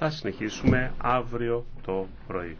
Θα συνεχίσουμε αύριο το πρωί.